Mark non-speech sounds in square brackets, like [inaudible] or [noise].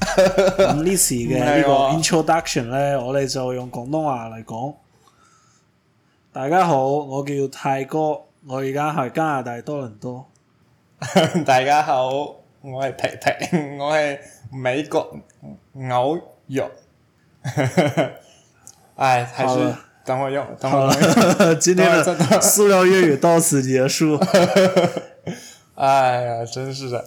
咁呢時嘅呢個 introduction 呢，我哋就用廣東話嚟講。大家好，我叫泰哥，我而家喺加拿大多倫多。 [laughs] 大家好，我係皮皮，我係美國牛友。 [laughs] 唉，還是等我用，的等我用。等我用 [laughs] [laughs] 今天塑料粵語到此結束。唉、 [laughs] 哎、呀，真是的。